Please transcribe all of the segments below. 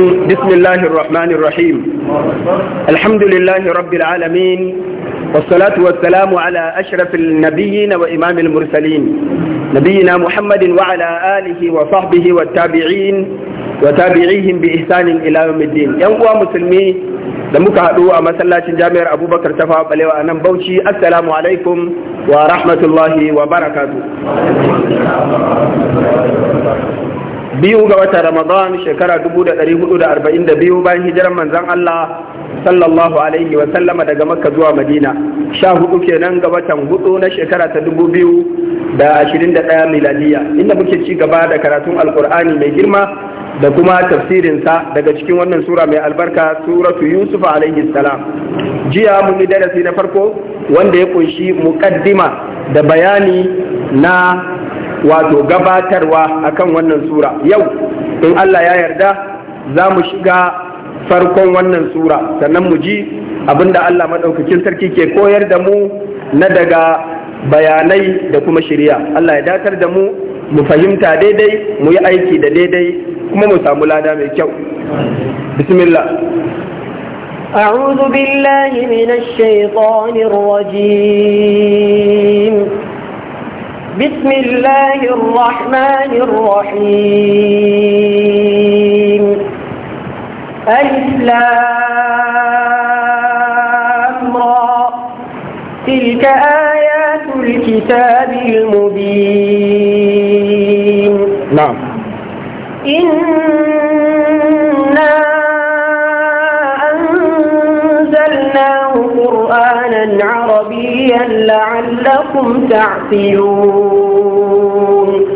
بسم الله الرحمن الرحيم الحمد لله رب العالمين والصلاة والسلام على أشرف النبيين وإمام المرسلين نبينا محمد وعلى آله وصحبه والتابعين وتابعيهم بإحسان إلى يوم الدين ينقوى مسلمي دمك هدوء مسلاة جامير أبو بكر تفاق بليوة أنم بوشي السلام عليكم ورحمة الله وبركاته biyu ga watan ramadan shekara 1442 bayan hijirar manzon Allah sallallahu alaihi wa sallama daga makka zuwa madina sha hudu kenan ga watan hudu na shekara ta dubu biyu da ashirin da ɗaya miladiya inda muke ci gaba da karatun alkur'ani mai girma da kuma tafsirinsa daga cikin wannan sura mai albarka suratu yusuf alaihi salam jiya mun yi darasi na farko wanda ya kunshi muqaddima da bayani na wato gabatarwa akan wannan sura yau in Allah ya yarda za mu shiga farkon wannan sura sannan mu ji abinda Allah maɗaukakin sarki ke koyar da mu na daga bayanai da kuma shirya Allah ya datar da mu mu fahimta daidai mu yi aiki da daidai kuma mu samu lada mai kyau bismillah أعوذ بالله من الشيطان الرجيم بسم الله الرحمن الرحيم الإسلام تلك آيات الكتاب المبين نعم لعلكم تعقلون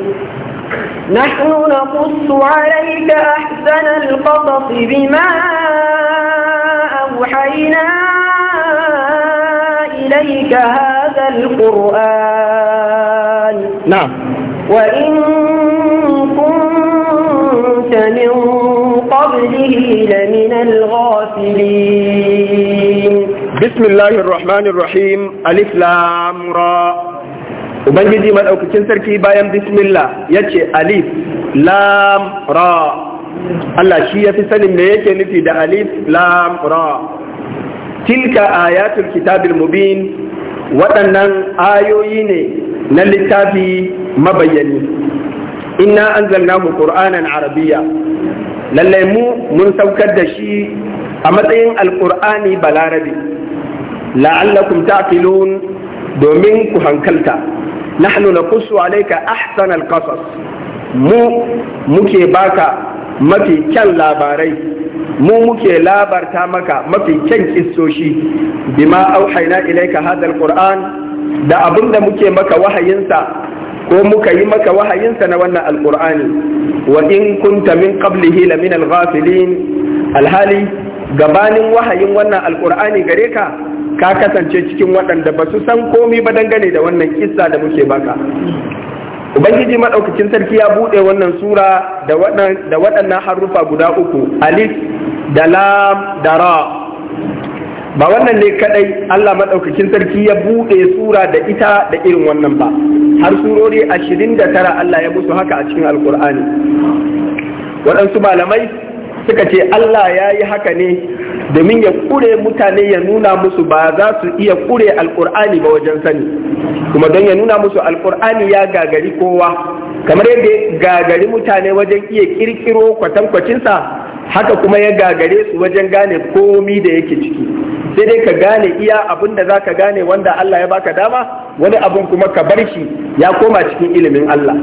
نحن نقص عليك أحسن القصص بما أوحينا إليك هذا القرآن نعم وإن كنت من قبله لمن الغافلين بسم الله الرحمن الرحيم الف لام را وبنجي ما دوك تشين سركي بايام بسم الله يتي الف لام را الله شي يفي سنين ما يكي نفي ده الف لام را تلك ايات الكتاب المبين ودنن ايوي ني نا لتافي مبيني أنزلناه قرآنا عربيا للي من سوكد شي أمتين القرآن بلاربي la'allakum ta'qilun domin ku hankalta nahnu naqussu alayka ahsan alqasas mu muke baka mafi kyan labarai mu muke labarta maka mafi kyan kissoshi bima auhaina ilaika hadha alquran da abinda muke maka wahayinsa ko muka yi maka wahayinsa na wannan alqur'ani wa in kunta min qablihi la min alghafilin alhali gabanin wahayin wannan alqur'ani gare ka ka kasance cikin waɗanda ba su san komi ba dangane da wannan kissa da muke baka ubangiji maɗaukacin sarki ya buɗe wannan sura da waɗannan harufa guda uku alif da lam da ra ba wannan ne kaɗai Allah maɗaukacin sarki ya buɗe sura da ita da irin wannan ba har surori ashirin da tara Allah ya musu haka a cikin alkur'ani waɗansu malamai suka ce Allah ya yi haka ne domin ya kure mutane ya nuna musu ba za su iya kure alkur'ani ba wajen sani kuma don ya nuna musu alkur'ani ya gagari kowa kamar yadda ya gagari mutane wajen iya kirkiro kwatankwacinsa haka kuma ya gagare su wajen gane komi da yake ciki sai dai ka gane iya abin da za ka gane wanda Allah ya baka dama wani abin kuma ka bar shi ya koma cikin ilimin Allah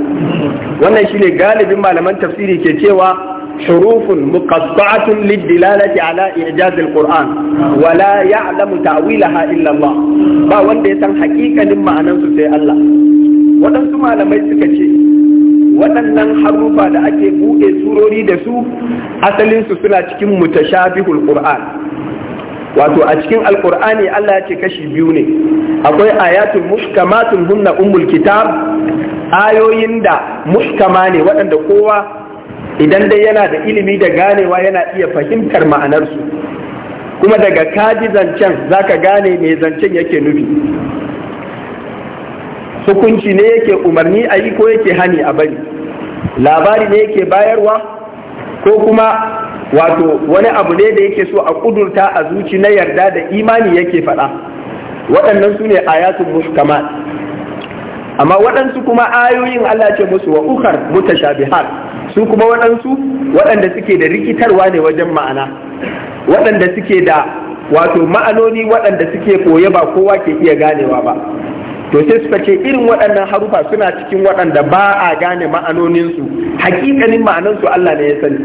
wannan shine galibin malaman tafsiri ke cewa حروف مقطعة للدلالة على إعجاز القرآن ولا يعلم تأويلها إلا الله با wanda ya san hakikanin ma'anansu sai Allah waɗansu malamai suka ce waɗannan harufa da ake buɗe surori da su asalinsu suna cikin mutashabihul Qur'an wato a cikin alkur'ani Allah ya ce kashi biyu ne akwai ayatul muhkamatun hunna ummul kitab ayoyin da muhkama ne waɗanda kowa idan dai yana da ilimi da ganewa yana iya fahimtar ma'anarsu kuma daga kaji zancen za ka gane mai zancen yake nufi hukunci ne yake umarni a yi ko yake hani a bari labari ne yake bayarwa ko kuma wato wani abu ne da yake so a kudurta a zuci na yarda da imani yake faɗa waɗannan su ne ayatul muhkamat amma waɗansu kuma ayoyin Allah ce musu wa ukar mutashabihar su kuma waɗansu waɗanda suke da rikitarwa ne wajen ma'ana waɗanda suke da wato ma'anoni waɗanda suke koye ba kowa ke iya ganewa ba to sai suka ce irin waɗannan harufa suna cikin waɗanda ba a gane ma'anoninsu hakikanin ma'anansu Allah ne ya sani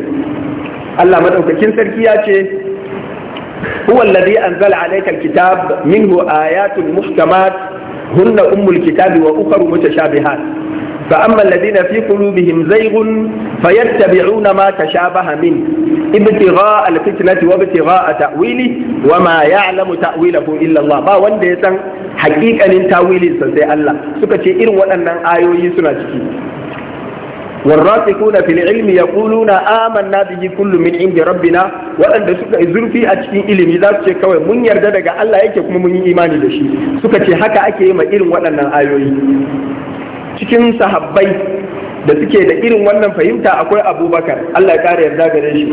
Allah madaukakin sarki ya ce هو الذي أنزل عليك الكتاب منه آيات محكمات هن أم الكتاب وأخر متشابهات فأما الذين في قلوبهم زيغ فيتبعون ما تشابه منه ابتغاء الفتنة وابتغاء تأويله وما يعلم تأويله إلا الله با wanda ya san hakikanin tawilin sa sai Allah suka ce irin waɗannan ayoyi suna ciki والراسخون في العلم يقولون آمنا به كل من عند ربنا waɗanda suka zurfi a cikin ilimi za su ce kawai mun yarda daga Allah yake kuma mun yi imani da shi suka ce haka ake yi ma irin waɗannan ayoyi cikin sahabbai da suke da irin wannan fahimta akwai abubakar allah ya ƙara yarda gare shi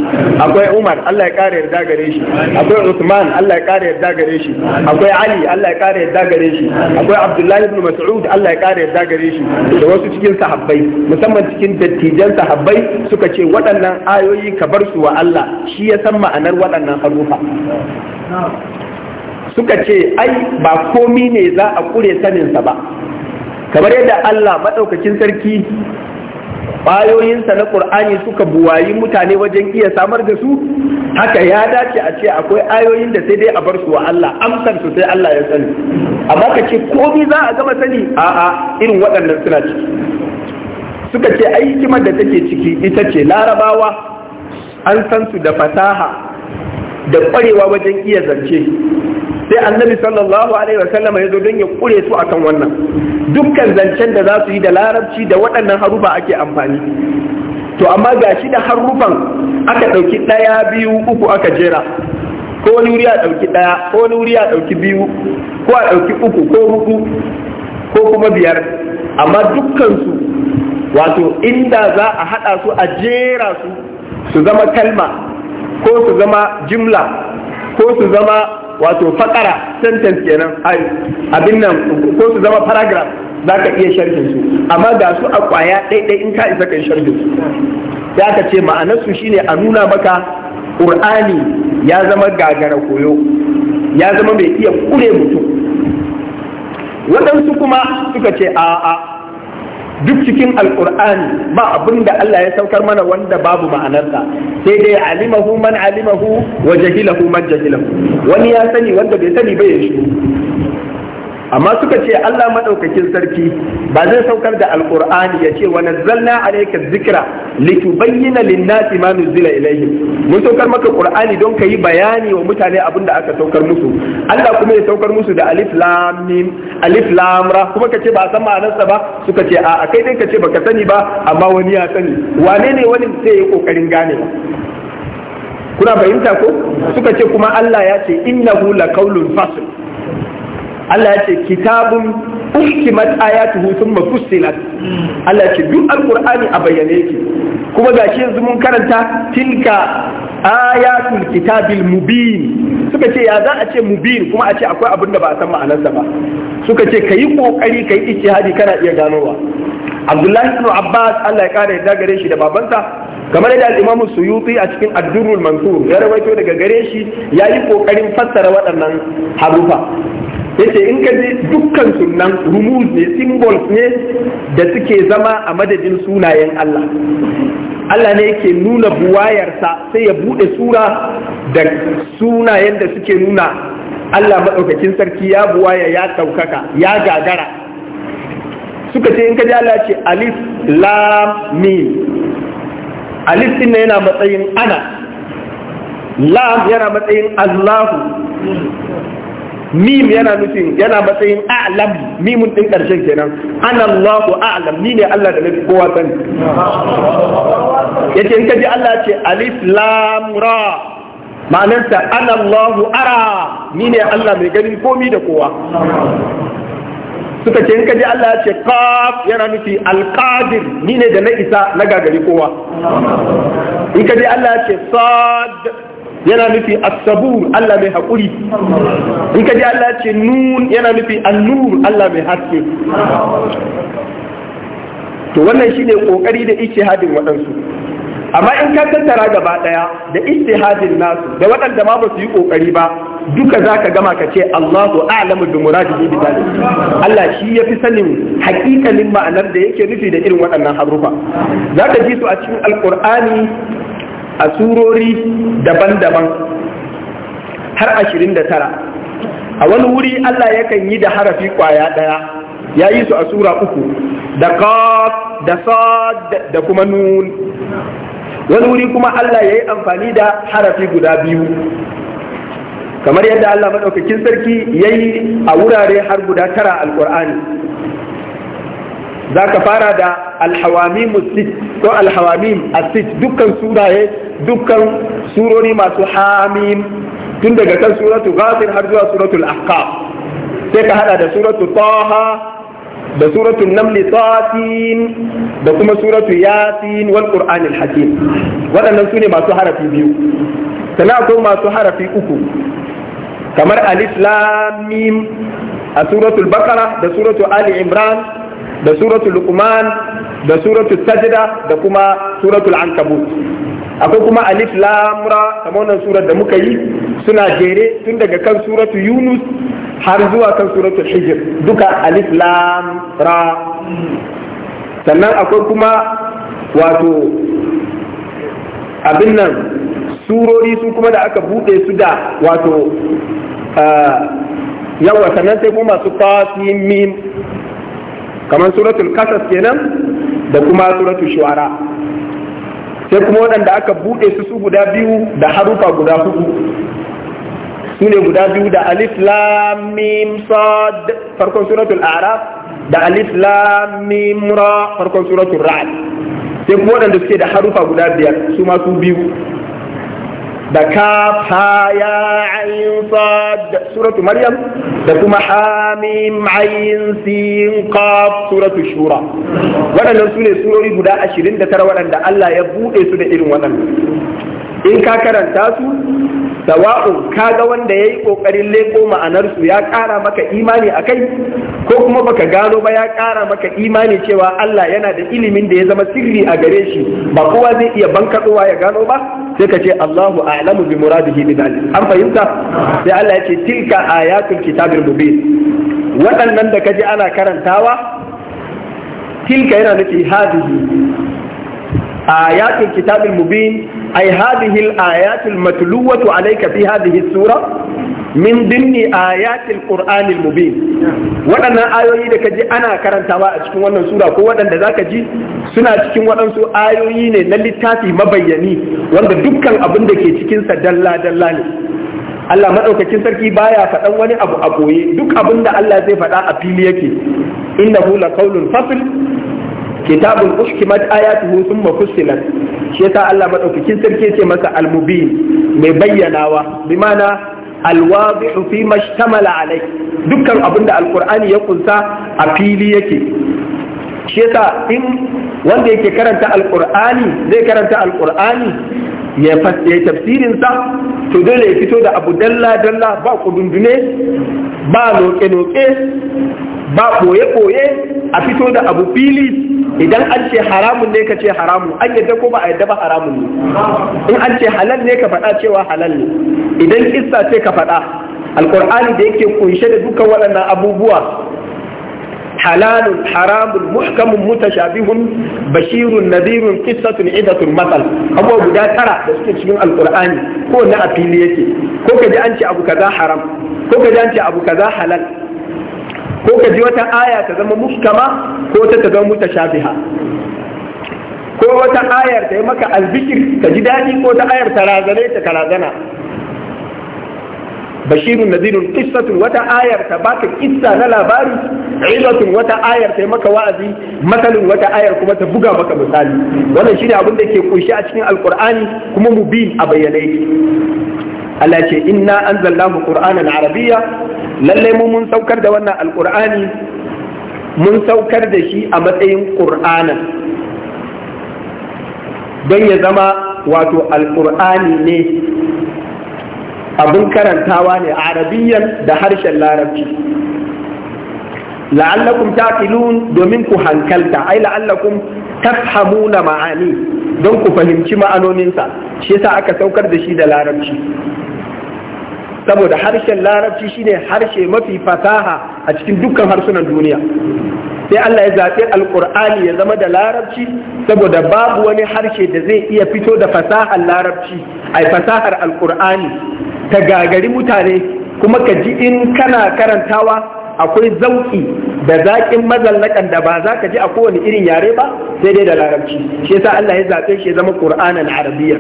akwai umar allah ya ƙara yarda gare shi akwai usman allah ya ƙara yarda gare shi akwai ali allah ya ƙara yarda gare shi akwai abdullahi ibn mas'ud allah ya ƙara yarda gare shi da wasu cikin sahabbai musamman cikin dattijan sahabbai suka ce waɗannan ayoyi ka bar su wa allah shi ya san ma'anar waɗannan harufa suka ce ai ba komi ne za a kure saninsa ba kamar yadda Allah maɗaukakin sarki ƙwayoyinsa na ƙur'ani suka buwayi mutane wajen iya samar da su haka ya dace a ce akwai ayoyin da sai dai a bar su wa Allah amsar su sai Allah ya sani amma ka ce komi za a gama sani a a irin waɗannan suna ciki suka ce ai hikimar da take ciki ita ce larabawa an san su da fasaha da ƙwarewa wajen iya zance sai annabi sallallahu alaihi wa sallama ya zo don ya kure su akan wannan dukkan zancen da za su yi da larabci da waɗannan harufa ake amfani to amma ga shi da harufan aka ɗauki ɗaya biyu uku aka jera ko wani wuri a ɗauki ɗaya ko wani wuri a ɗauki biyu ko a ɗauki uku ko hudu ko kuma biyar amma dukkansu wato inda za a haɗa su a jera su su zama kalma ko su zama jimla ko su zama wato fakara sentence kenan abin nan ko su zama paragraph za ka iya sharhin su amma ga su a kwaya ɗaiɗai in ka isa kan sharhin su ya ka ce ma'anarsu shine a nuna maka ƙur'ani ya zama gagara koyo ya zama mai iya ƙure mutum waɗansu kuma suka ce a'a duk cikin alkur'ani ba abin da Allah ya saukar mana wanda babu ma'anarsa sai dai alimahu man alimahu wa jahilahu man jahilahu wani ya sani wanda bai sani bai shi amma suka ce Allah madaukakin sarki ba zai saukar da alqur'ani ya ce wa nazzalna alayka dhikra litubayyana lin-nasi ma nuzila ilayhim mun saukar maka qur'ani don kayi bayani wa mutane abin da aka saukar musu Allah kuma ya saukar musu da alif lam mim alif lam ra kuma kace ba san ma'anarsa ba suka ce a kai dai kace baka sani ba amma wani ya sani wane ne wani sai ya kokarin gane kuna fahimta ko suka ce kuma Allah ya ce innahu laqawlun fasl Allah ya ce kitabun uhkimat ayatuhu thumma fussilat Allah ya ce duk alkur'ani a bayyane yake kuma shi yanzu mun karanta tilka ayatul kitabil mubin suka ce ya za a ce mubin kuma a ce akwai abin da ba a san ma'anarsa ba suka ce kayi kokari kayi ijtihadi kana iya ganowa Abdullahi ibn Abbas Allah ya kare da gare shi da babansa kamar yadda al-Imam Suyuti a cikin Ad-Durrul Mansur ya rawaito daga gare shi yayi kokarin fassara waɗannan harufa yace in ka ji dukkan sunan rumuz ne symbols ne da suke zama a madadin sunayen Allah Allah ne yake nuna buwayarsa sai ya bude sura da sunayen da suke nuna Allah maɗaukakin sarki ya buwaya ya ɗaukaka ya gagara suka ce in ka ji Allah ce alif lam mim alif din yana matsayin ana lam yana matsayin Allahu mim yana nufin yana matsayin a'lam mimun din karshen kenan ana Allahu a'lam ni ne Allah da nafi kowa sani yace in kaji Allah ce alif lam ra ma'anarsa ana Allahu ara ni ne Allah mai ganin komi da kowa suka ce in kaji Allah ce qaf yana nufi alqadir ni ne da na isa na gagari kowa in kaji Allah ce sad yana nufi as Allah mai hakuri in ka ji Allah ce nun yana nufi an-nur Allah mai haske to wannan shine kokari da ijtihadin waɗansu amma in ka tattara gaba daya da ijtihadin nasu da waɗanda ma ba su yi kokari ba duka zaka gama ka ce Allahu a'lamu bi muradihi bi zalik Allah shi yafi sanin haƙiƙanin ma'anar da yake nufi da irin waɗannan harufa zaka ji su a cikin alqur'ani a surori daban-daban har ashirin da tara a wani wuri Allah yakan yi da harafi kwaya ɗaya ya yi su a sura uku da kaf da sad da kuma nun wani wuri kuma Allah ya yi amfani da harafi guda biyu kamar yadda Allah maɗaukakin sarki ya yi a wurare har guda tara alƙur'ani za ka fara da alhawamim sit ko alhawamim asit dukkan suraye dukkan surori masu hamim tun daga kan suratu ghafir har zuwa suratu ahqaf sai ka hada da suratu taha da suratu naml tatin da kuma suratu yasin wal qur'anil hakim waɗannan sune masu harafi biyu sannan akwai masu harafi uku kamar alif lam mim a suratul baqara da suratul ali imran da suratul luqman da suratul sajda da kuma suratul ankabut akwai kuma alif lam ra kamar wannan surar da muka yi suna jere tun daga kan suratul yunus har zuwa kan suratul hijr duka alif lam ra sannan akwai kuma wato abin nan surori su kuma da aka bude su da wato ah, yawa sannan sai kuma masu tasimim kamar suratul kasas kenan da kuma suratul shu'ara sai kuma waɗanda aka buɗe su su guda biyu da harufa guda hudu su ne guda biyu da alif lam mim sad farkon suratul a'raf da alif lam mim ra farkon suratul ra'd sai kuma waɗanda suke da harufa guda biyar su ma su biyu da kaf ha ya ayin sad suratu maryam da kuma hamim ayin sin qaf suratu shura waɗannan sune ne surori guda ashirin da tara waɗanda Allah ya buɗe su da irin waɗannan in ka karanta su sawa'un ka ga wanda ya yi ƙoƙarin leƙo ma'anarsu ya ƙara maka imani a kai ko kuma baka gano ba ya ƙara maka imani cewa Allah yana da ilimin da ya zama sirri a gare shi ba kowa zai iya bankaɗowa ya gano ba sai ka ce Allahu a'lamu bi muradihi bi an fahimta sai Allah ya ce tilka ayatul kitabir mubin waɗannan da kaji ana karantawa tilka yana nufi hadihi آيات الكتاب المبين أي هذه الآيات المتلوة عليك في هذه السورة من ضمن آيات القرآن المبين وأنا آية إذا أنا كرنت وأشكو وأنا سورة وأنا إذا كجي suna cikin waɗansu ayoyi ne na littafi mabayyani wanda dukkan abin da ke cikin sa dalla dalla ne Allah madaukakin sarki baya faɗan wani abu a koye duk abinda Allah zai faɗa a fili yake innahu laqawlun fasl kitabun ushkimat ayatuhu thumma fussilat shi yasa Allah madaukakin sarki yace masa al-mubin mai bayyanawa bi mana alwadihu fi mashtamala alai dukkan abin da alkur'ani ya kunsa a fili yake shi yasa in wanda yake karanta alkur'ani zai karanta alkur'ani ya tafsirin sa to dole ya fito da abu dalla dalla ba kudundune ba loke loke ba koye koye a fito da abu fili idan an ce haramun ne ka ce haramun an yadda ko ba a yadda ba haramun ne in an ce halal ne ka faɗa cewa halal ne idan kissa ce ka faɗa alkur'ani da yake kunshe da dukkan waɗannan abubuwa halalun haramun muhkamun mutashabihun bashirun nadirun qissatun idatun matsal abubuwa guda tara da suke cikin alkur'ani ko na a yake ko ka ji an ce abu kaza haram ko ka ji an ce abu kaza halal ko ka ji wata aya ta zama muskama ko ta ta zama shafiha, ko wata ayar ta yi maka albikir ka ji daɗi ko ta ayar ta razane ta karazana bashirun nadirun qissatun wata ayar ta baka kissa na labari izatun wata ayar ta maka wa'azi masalin wata ayar kuma ta buga maka misali wannan shine abin da ke kunshi a cikin alkur'ani kuma mubin a bayyane Allah ce inna anzalnahu qur'anan arabiya? Lallai mu mun saukar da wannan alqur'ani mun saukar da shi a matsayin qur'anan don ya zama wato alƙur'ani ne abin karantawa ne arabiyyan da harshen larabci la'allakum taqilun domin ku hankalta ai la'allakum tafhamuna ma'ani don ku fahimci ma'anoninsa shi yasa aka saukar da shi da larabci saboda harshen larabci shine harshe mafi fasaha a cikin dukkan harsunan duniya sai Allah ya zaɓi alƙur'ani ya zama da larabci saboda babu wani harshe da zai iya fito da fasahar larabci A fasahar alƙur'ani ta gagari mutane kuma ka ji in kana karantawa akwai zauki da zaƙin mazallakan da ba za ka ji a kowane irin yare ba sai dai da larabci shi yasa Allah ya zaɓe shi ya zama Qur'anan Arabiyya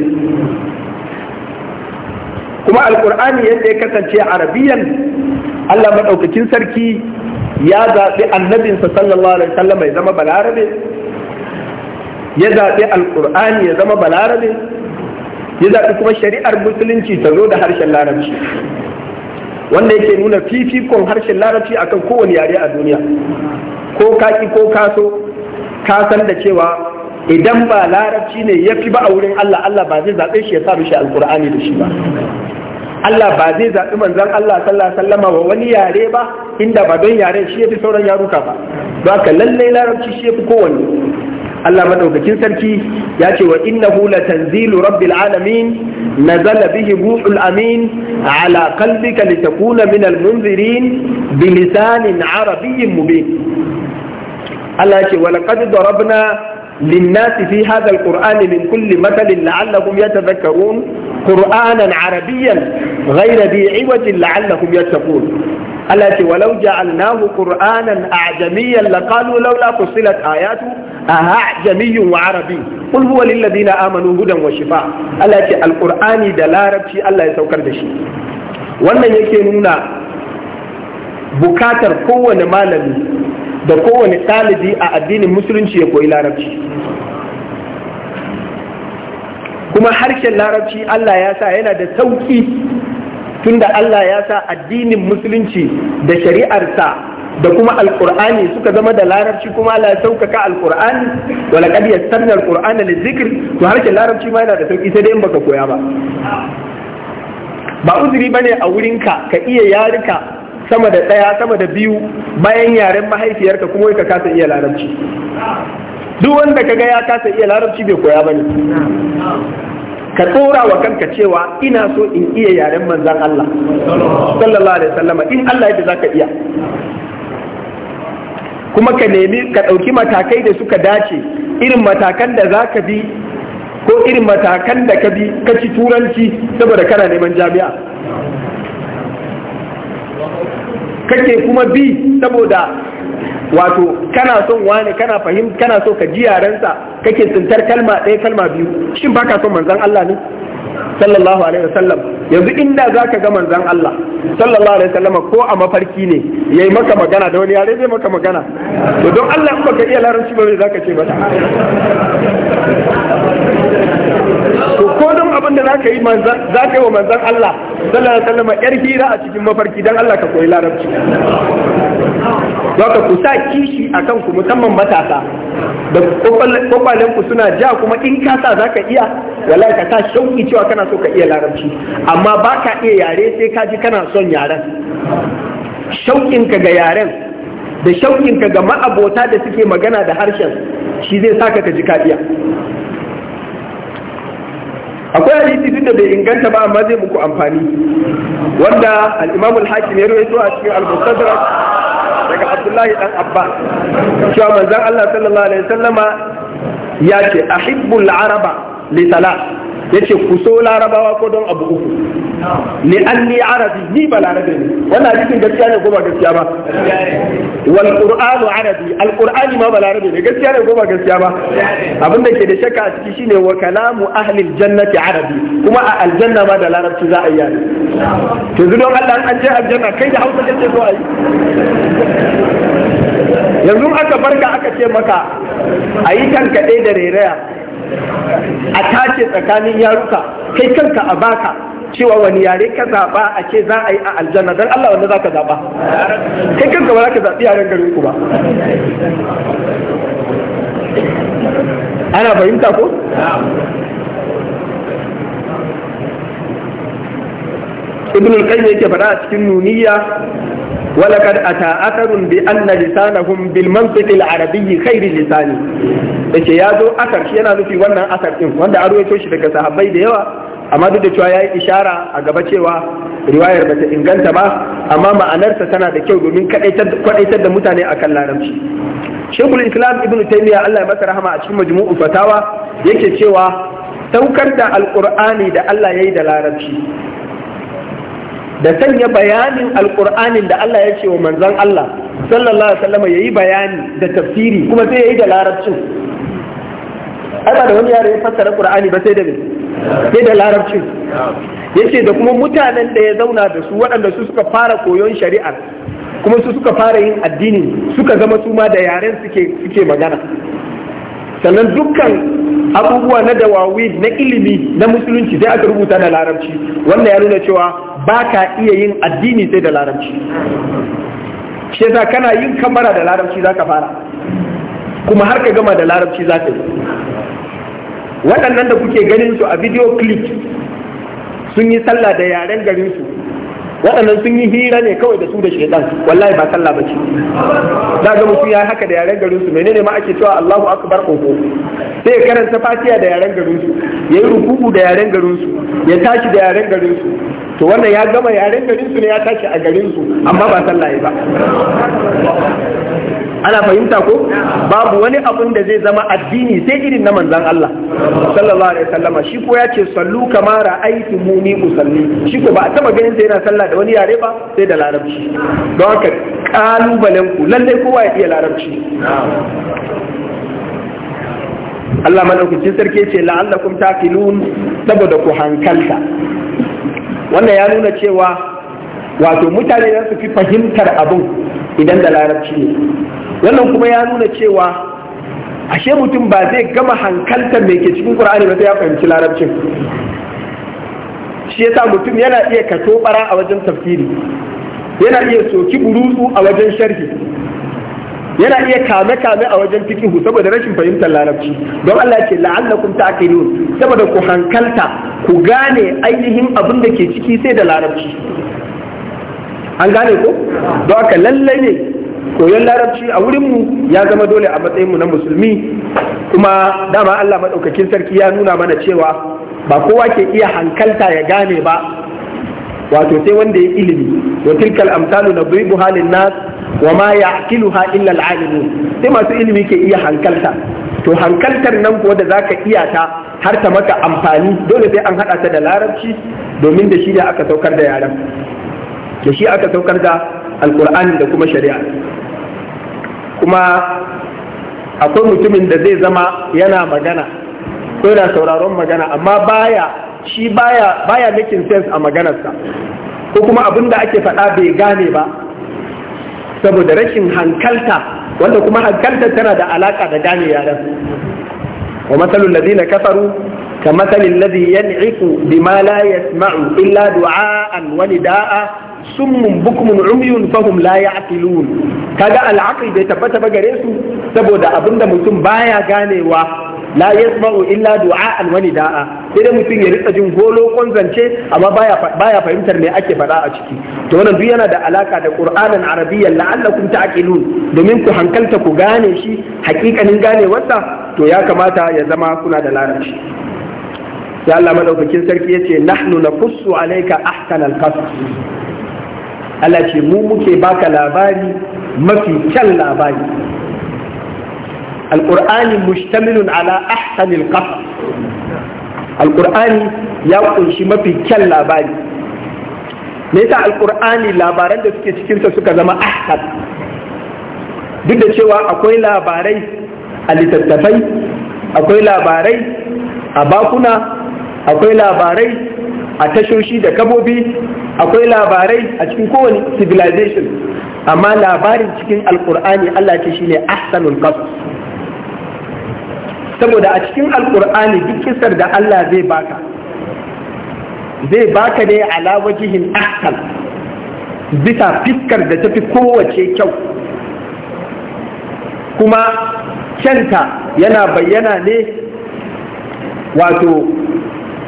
kuma alkur'ani yadda ya kasance arabiyan Allah maɗaukakin sarki ya zaɓi annabinsa sallallahu alaihi wasallam ya zama balarabe ya zaɓi alkur'ani ya zama balarabe ya zaɓi kuma shari'ar musulunci ta zo da harshen larabci wanda yake nuna fifikon harshen larabci akan kowane yare a duniya ko kaki ko kaso ka san da cewa idan ba larabci ne ya fi ba a wurin Allah Allah ba zai zaɓe shi ya sa rushe Alƙur'ani da shi ba Allah ba zai zaɓi manzan Allah sallallahu alaihi wa wani yare ba inda ba don yaren shi ya fi sauran yaruka ba Ba ka lallai larabci shi ya fi kowanne Allah madaukakin sarki ya ce wa inna hula tanzilu rabbil alamin nazala bihi ruhul amin ala qalbika litakuna min al munzirin bi lisanin arabiyyin mubin Allah ya ce wa laqad darabna للناس في هذا القرآن من كل مثل لعلهم يتذكرون قرآنا عربيا غير ذي عوج لعلهم يتقون التي ولو جعلناه قرآنا أعجميا لقالوا لولا فصلت آياته أعجمي وعربي قل هو للذين آمنوا هدى وشفاء التي القرآن دلارة في الله يتوكر بشيء wannan yake بكاتر bukatar kowane malami da kowane ɗalibi a addinin musulunci ya koyi larabci kuma harshen larabci Allah ya sa yana da sauƙi tunda Allah ya sa addinin musulunci da shari'arsa da kuma alkur'ani suka zama da larabci kuma Allah ya sauƙaƙa alkur'ani wala kad yassarna alqur'ana lizikr to harshen larabci ma yana da sauƙi sai dai in baka koya ba ba uzuri bane a wurinka ka iya yarika sama da ɗaya sama da biyu bayan yaren mahaifiyarka kuma ka kasa iya larabci duk wanda ka ga ya kasa iya larabci bai koya bane ka tsora wa kanka cewa ina so in iya yaren manzan Allah sallallahu alaihi wasallama in Allah yadda zaka iya kuma ka nemi ka ɗauki matakai da suka dace irin matakan da za ka bi ko irin matakan da ka bi ka ci turanci saboda kana neman jami'a kake kuma bi saboda wato kana son wani kana fahim kana so ka ji yarensa kake tuntar kalma ɗaya kalma biyu shin baka son manzon Allah ne sallallahu alaihi wasallam yanzu inda zaka ga manzon Allah sallallahu alaihi wasallam ko a mafarki ne yayi maka magana da wani yare zai maka magana to don Allah in baka iya larabci ba me zaka ce ba to ko don abin da zaka yi manzon zaka yi wa manzon Allah sallallahu alaihi wasallam yar hira a cikin mafarki dan Allah ka koyi larabci zaka ku kishi a kanku musamman matasa da kwakwalenku suna ja kuma in kasa za ka iya wala ka sa shauki cewa kana so ka iya larabci amma ba ka iya yare sai ka ji kana son yaren shauƙinka ga yaren da shauƙinka ga ma'abota da suke magana da harshen shi zai sa ka ji akwai hadisi duk da bai inganta ba amma zai muku amfani wanda al hakim ya rawaito a cikin al-Mustadrak daga abdullahi dan abba cewa manzon Allah sallallahu alaihi wasallama ya ce ahibbul araba li salat yace ku so larabawa ko don abu uku li anni arabi ni ba larabe ne wannan hadisin gaskiya ne ko ba gaskiya ba wal qur'anu arabi al qur'ani ma ba larabe ne gaskiya ne ko ba gaskiya ba abinda ke da shakka a ciki shine wa kalamu ahli jannati arabi kuma a aljanna ma da larabci za a yi yani to don Allah an je aljanna kai da Hausa kake so ayi yanzu aka barka aka ce maka ayi kankaɗe da reraya a tace tsakanin yaruka kai kanka a baka cewa wani yare ka zaba a ce za a yi a aljanna dan Allah wanda za ka kai kanka ba za ka zaɓi yaren garin ku ba ana fahimta ko? ibn al-qayyim yake faɗa a cikin nuniyya ولقد أتى أثر بأن لسانهم بالمنطق العربي خير لسان yace ya zo asar shi yana nufi wannan asar din wanda a ya shi daga sahabbai da yawa amma duk da cewa ya yi ishara a gaba cewa riwayar bata inganta ba amma ma'anarsa tana da kyau domin kwadaitar da mutane akan larabci shekul islam ibn taymiya Allah ya masa rahama a cikin majmu'u fatawa yake cewa saukar da alqur'ani da Allah ya yi da larabci da sanya bayanin alkur'anin da Allah ya ce wa manzan Allah sallallahu alaihi wasallam yayi bayani da tafsiri kuma sai yayi da larabcin ai ba da wani yare ya fassara qur'ani ba sai da me sai da larabcin yace da kuma mutanen da ya zauna da su waɗanda su suka fara koyon shari'ar kuma su suka fara yin addini suka zama su ma da yaren suke suke magana sannan dukkan abubuwa na dawawi na ilimi na musulunci sai aka rubuta da larabci wannan ya nuna cewa ba ka iya yin addini sai da larabci shi ka kana yin kamara da larabci za ka fara kuma har ka gama da larabci za ka yi waɗannan da kuke ganin su a video clip sun yi sallah da yaren garin su waɗannan sun yi hira ne kawai da su da shaidan wallahi ba sallah bace za ga mutum ya haka da yaren garin su menene ma ake cewa Allahu akbar koko sai ya karanta Fatiya da yaren garin su ya yi rukuku da yaren garin su ya tashi da yaren garin su to wannan ya gama yaren garin su ne ya tashi a garin su amma ba sallah ba ana fahimta ko babu wani abun da zai zama addini sai irin na manzan Allah sallallahu alaihi wasallama shi ko ya ce sallu kama ra'aytu muni usalli shi ko ba a taba ganin sai yana sallah da wani yare ba sai da larabci don haka kalubalen ku lalle kowa ya iya larabci Allah madaukakin sarki ce la'allakum taqilun saboda ku hankalta wannan ya nuna cewa wato mutane za su fi fahimtar abin idan da larabci ne wannan kuma ya nuna cewa ashe mutum ba zai gama hankalta mai ke cikin qur'ani ba sai ya fahimci larabcin shi yasa mutum yana iya kato bara a wajen tafsiri yana iya soki burutsu a wajen sharhi yana iya kame kame a wajen fikihu saboda rashin fahimtar larabci don Allah ya ce la'allakum ta'qilun saboda ku hankalta ku gane ainihin abin da ke ciki sai da larabci an gane ko don haka lallai ne koyon larabci a wurin mu ya zama dole a matsayin mu na musulmi kuma dama Allah madaukakin sarki ya nuna mana cewa ba kowa ke iya hankalta ya gane ba wato sai wanda ya ilimi wa tilkal amsalu nadribuha halin nas wa ma ya'qiluha illa al sai masu ilimi ke iya hankalta to hankaltar nan kuwa da zaka iya ta har ta maka amfani dole sai an haɗa ta da larabci domin da shi ne aka saukar da yaran da shi aka saukar da Alƙur'ani da kuma shari'a kuma akwai mutumin da zai zama yana magana ko yana sauraron magana amma baya shi baya baya making sense a maganarsa ko kuma abin da ake faɗa bai gane ba saboda rashin hankalta wanda kuma hankalta tana da alaka da gane yaran wa matsalul ladina kafaru ka matsalin ladhi yan'iku bima la yasma'u illa du'a'an da'a nida'a summun bukmun umyun fahum la ya'qilun kaga al'aqil bai tabbata ba gare su saboda abinda mutum baya ganewa la yasma'u illa du'a'an wani da'a sai dai mutum ya rika jin golo kon zance amma baya baya fahimtar me ake faɗa a ciki to wannan duk yana da alaka da qur'anan arabiyyan la'allakum ta'qilun domin ku hankalta ku gane shi hakikanin gane wanda to ya kamata ya zama kuna da larabci ya Allah madaukakin sarki yace nahnu naqussu alayka ahsanal qasas Allah ce mu muke baka labari mafi kyan labari Alƙur'ani mustamilun ala ahsanil ya ƙunshi mafi kyan labari me yasa Alƙur'ani labaran da suke cikin sa suka zama ahsan duk da cewa akwai labarai a littattafai akwai labarai a bakuna akwai labarai a tashoshi da kabobi akwai labarai a cikin kowane civilization amma labarin cikin Alƙur'ani Allah ce shine ahsanul qasas saboda a cikin alkur'ani duk kisar da Allah zai baka zai baka ne ala wajihin ahsan bisa fiskar da tafi kowace kyau kuma kyanta yana bayyana ne wato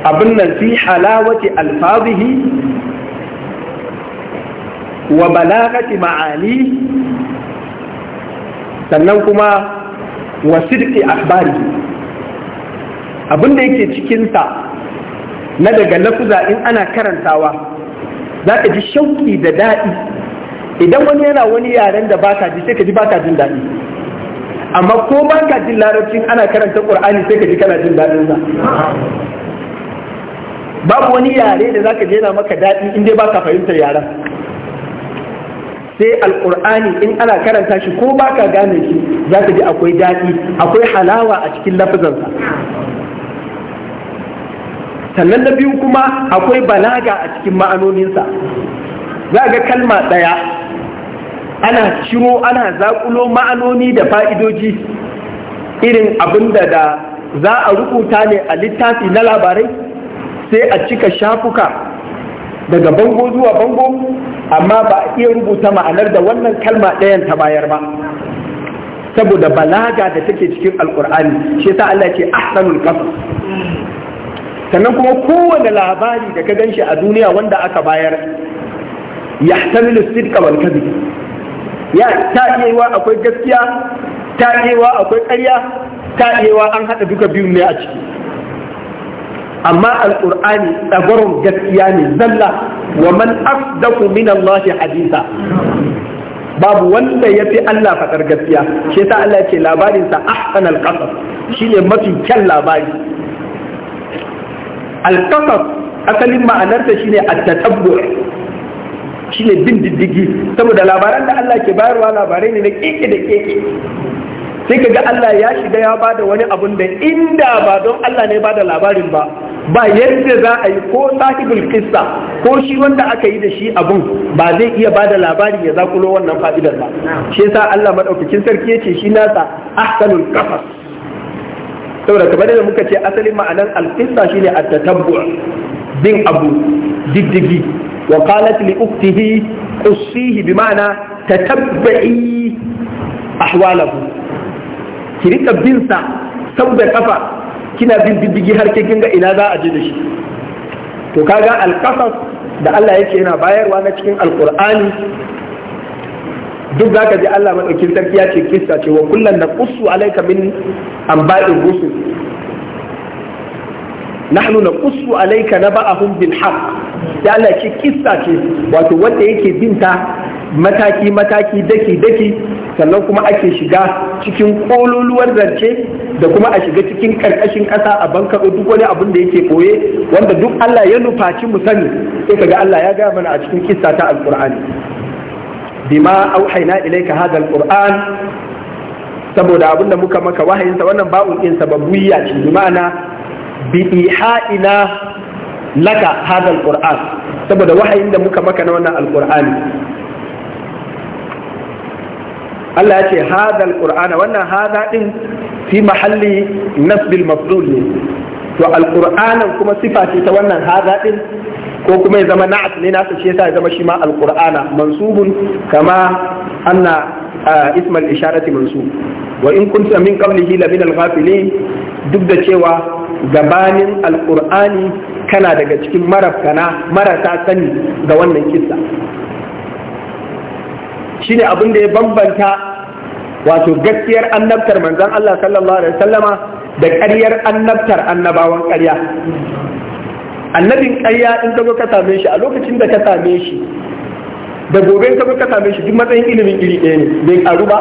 abin nan fi halawati alfazihi wa balagati ma'ani sannan kuma wa sidqi abin da yake cikinsa na daga lafuza in ana karantawa za ka ji shauƙi da daɗi idan wani yana wani yaren da baka ji sai ka ji baka jin daɗi amma ko baka jin larabcin ana karanta ƙur'ani sai ka ji kana jin daɗin sa babu wani yare da zaka ka yana maka daɗi in dai baka fahimtar yaren sai alƙur'ani in ana karanta shi ko baka gane shi za ka ji akwai daɗi akwai halawa a cikin lafazansa sannan na biyu kuma akwai balaga a cikin ma'anoninsa za ga kalma ɗaya ana ciro ana zaƙulo ma'anoni da fa'idoji irin abin da da za a rubuta ne a littafi na labarai sai a cika shafuka daga bango zuwa bango amma ba a iya rubuta ma'anar da wannan kalma ɗayan ta bayar ba saboda balaga da take cikin alkur'ani shi ta Allah ce ahsanul qasas sannan kuma kowane labari da ka gan shi a duniya wanda aka bayar ya tamilu sidka wal kadhib ya ta iya akwai gaskiya ta iya akwai ƙarya ta iya an haɗa duka biyun ne a ciki amma alƙur'ani tsagoron gaskiya ne zalla wa man afdaku min Allah hadisa babu wanda ya fi Allah faɗar gaskiya shi yasa Allah ce labarinsa ahsan alqasas shine mafi kyan labari alkasas asalin ma'anarta shi ne at shi ne bin diddigi saboda labaran da Allah ke bayarwa labarai ne na keke da keke sai kaga Allah ya shiga ya bada wani abun da inda ba don Allah ne bada labarin ba ba yadda za a yi ko sahibul kissa ko shi wanda aka yi da shi abun ba zai iya bada labari ya zakulo wannan fa'idar ba shi yasa Allah maɗaukacin sarki ya ce shi nasa ahsanul qasas saboda kamar da muka ce asalin ma'anar alfisa shine a tatabbu bin abu diddigi wa qalat li uktihi qussihi bi ma'ana tatabba'i ahwalahu ki rika bin sa sabda kafa kina bin diddigi har ke kinga ina za a je da shi to kaga al da Allah yake yana bayarwa na cikin alqur'ani duk zaka ji Allah maɗaukin sarki ya ce kissa ce wa na kusu alaika min an anba'ir rusul nahnu naqussu alayka naba'ahum bin haqq ya Allah ce kista ce wato wanda yake binta mataki mataki daki daki sannan kuma ake shiga cikin kololuwar zance da kuma a shiga cikin karkashin ƙasa a banka duk wani abin da yake koye wanda duk Allah ya nufaci mu sani sai ga Allah ya gaya mana a cikin kissa ta alqur'ani bima auhayna ilayka hadha alquran saboda abinda muka maka wahayinsa wannan ba'un din sababiyya ce bi ma'ana bi ihaina laka hadha alquran saboda wahayin da muka maka na wannan alqur'ani Allah ya ce hadha alqur'ana wannan hadha din fi mahalli nasbil maf'ul ne to alqur'anan kuma sifa ce ta wannan hadha din ko kuma ya zama na'at ne nasa shi yasa ya zama shi ma alqur'ana mansubun kama anna isma al-isharati mansub wa in kunta min qablihi la min al duk da cewa gabanin alqur'ani kana daga cikin marafkana marasa sani ga wannan kissa shine abin da ya bambanta wato gaskiyar annabtar manzon Allah sallallahu alaihi wasallama da ƙaryar annabtar annabawan ƙarya annabin ƙarya in ka zo ka same shi a lokacin da ka same shi da gobe ka zo ka same shi duk matsayin ilimin iri ɗaya ne bai karu ba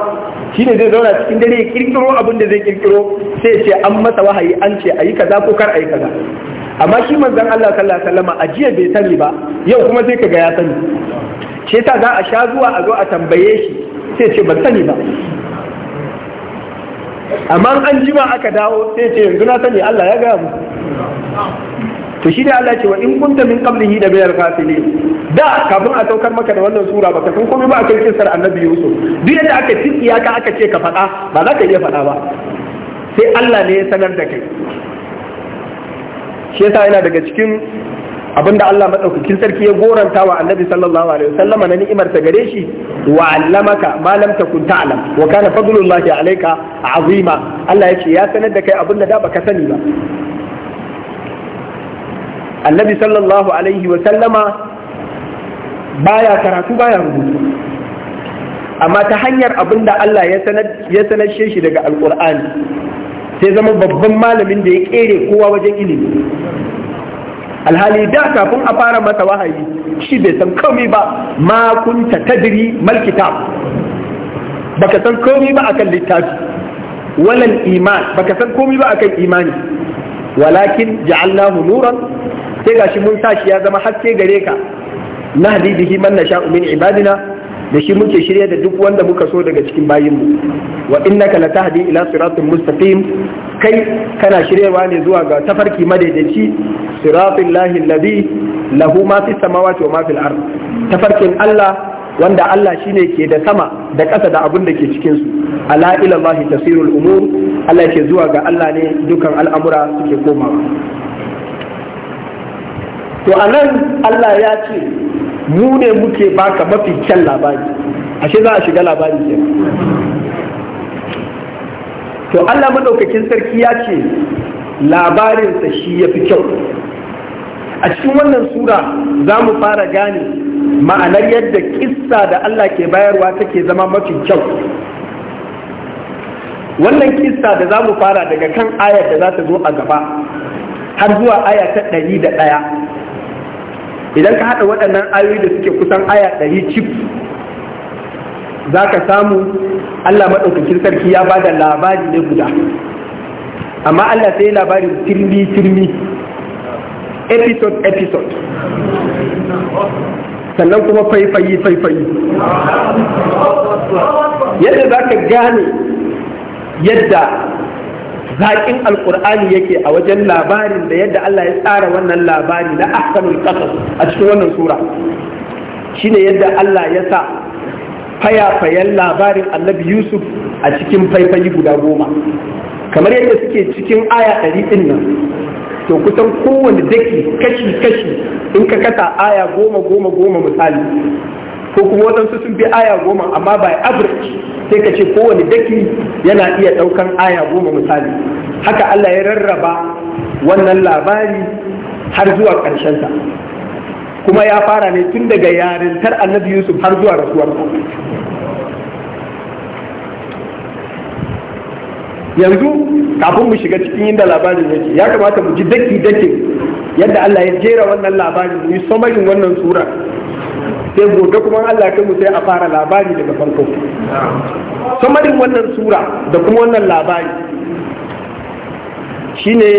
ne zai zauna cikin dare ya kirkiro abin da zai kirkiro sai ce an masa wahayi an ce ayi kaza ko kar ayi kaza amma shi manzon Allah sallallahu alaihi wasallam a jiya bai sani ba yau kuma sai ga ya sani ce ta za a sha zuwa a zo a tambaye shi sai ce ban sani ba amma an jima aka dawo sai ce yanzu na sani Allah ya gaya mu to shi ne Allah ce wa in kunta min qablihi da bayar fasili da kafin a saukar maka da wannan sura ka san komai ba akan kisar annabi Yusuf duk yadda aka tsiya ka aka ce ka faɗa ba za ka iya faɗa ba sai Allah ne ya sanar da kai shi yasa yana daga cikin abinda Allah madaukakin sarki ya goranta wa Annabi sallallahu alaihi wasallam na ni'imar ta gare shi wa allamaka ma lam takun ta'lam wa kana fadlullahi alayka azima Allah ya ce ya sanar da kai abinda da baka sani ba annabi sallallahu alaihi wa sallama baya karatu baya rubutu amma ta hanyar abin da Allah ya sanashe shi daga alkur'ani sai zama babban malamin da ya kere kowa wajen ilimi alhali da kafin a fara masa wahayi shi bai san komai ba ma kunta tadri mal kitab baka san komai ba akan littafi walal iman baka san komai ba akan imani walakin ja'alnahu nuran sai gashi mun sa shi ya zama haske gare ka nahdi bihi man nasha'u min ibadina da shi muke shirya da duk wanda muka so daga cikin mu wa innaka latahdi ila siratin mustaqim kai kana shiryawa ne zuwa ga tafarki madaidaici siratin lahi alladhi lahu ma fi samawati wa ma fil ard tafarkin Allah wanda Allah shine ke da sama da ƙasa da abin da ke cikin su ala ila Allah tasirul umur Allah ke zuwa ga Allah ne dukan al'amura suke komawa to anan Allah ya ce mu ne muke baka mafi kyan labari ashe za a shiga labari ke to Allah madaukakin sarki ya ce labarinsa shi ya fi kyau a cikin wannan sura za mu fara gane ma'anar yadda kissa da Allah ke bayarwa take zama mafi kyau wannan kissa da za mu fara daga kan ayar da za ta zo a gaba har zuwa aya ta ɗari da ɗaya idan ka haɗa waɗannan ayoyi da suke kusan aya ɗari cif za ka samu Allah maɗaukakin sarki ya ba da labari ne guda amma Allah sai labarin tirmi-tirmi episode episode sannan kuma faifayi faifayi yadda za ka gane yadda zaƙin alƙur'ani yake a wajen labarin da yadda Allah ya tsara wannan labari na ahsanul qasas a cikin wannan sura shine yadda Allah ya sa fayafayen labarin annabi Yusuf a cikin faifayi guda goma kamar yadda suke cikin aya ɗari ɗin nan to kusan kowane daki kashi kashi in ka kasa aya goma goma goma misali ko kuma waɗansu sun bi aya goma amma ba average sai ka ce kowane daki yana iya ɗaukan aya goma misali haka Allah ya rarraba wannan labari har zuwa ƙarshensa kuma ya fara ne tun daga yarintar annabi yusuf har zuwa rasuwarsa yanzu kafin mu shiga cikin inda labarin yake ya kamata mu ji daki daki yadda Allah ya jera wannan labarin mu yi samarin wannan sura sai gobe kuma Allah kai mu sai a fara labari daga farko samarin wannan sura da kuma wannan labari shine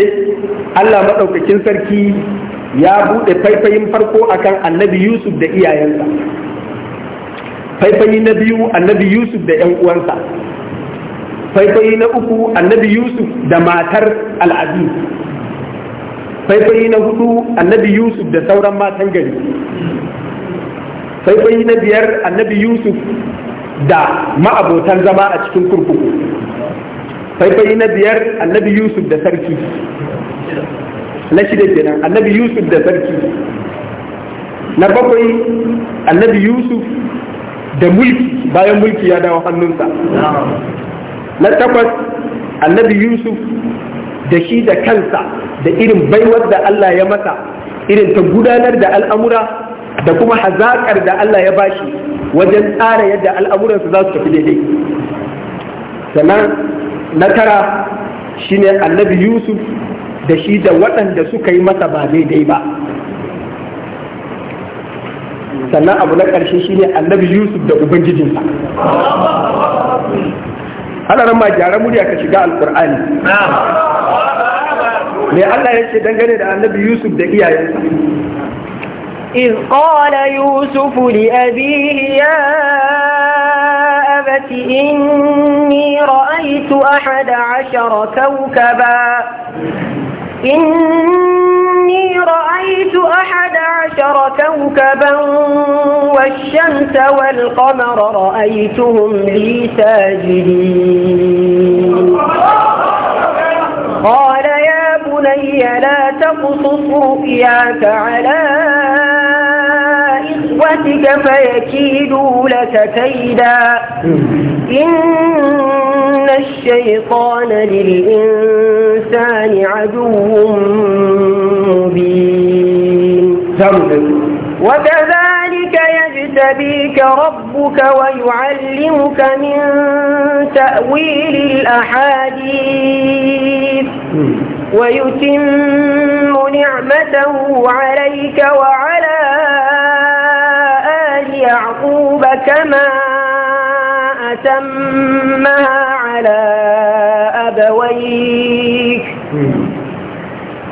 Allah madaukakin sarki ya bude faifayin farko akan annabi Yusuf da iyayensa faifayi na biyu annabi Yusuf da 'yan uwansa faifai na uku annabi yusuf da matar al'adun faifai na hudu annabi yusuf da sauran matan gari faifai na biyar annabi yusuf da ma'abotan zama a cikin kurkuku faifai na biyar annabi yusuf da sarki na shida kenan annabi yusuf da sarki na bakwai annabi yusuf da mulki bayan mulki ya dawo hannunsa na takwas annabi yusuf da shi da kansa da irin baiwar da allah ya masa irin ta gudanar da al'amura da kuma hazaƙar da allah ya bashi wajen tsara yadda al'amuransa za su tafi daidai sannan na tara shine annabi yusuf da shi da waɗanda suka yi masa ba daidai ba sannan abu na ƙarshe shine annabi yusuf da ubangijinsa ana nan ma gyara murya ka shiga alkur'ani me Allah yake dangane da annabi Yusuf da iyayensa إذ قال يوسف لأبيه يا أبت إني رأيت أحد عشر كوكبا إني إني رأيت أحد عشر كوكبا والشمس والقمر رأيتهم لي ساجدين قال يا بني لا تقصص رؤياك على إخوتك فيكيدوا لك كيدا إن الشيطان للإنسان عدو مبين وكذلك يجتبيك ربك ويعلمك من تأويل الأحاديث ويتم نعمته عليك وعلى آل يعقوب كما أتمها على أبويه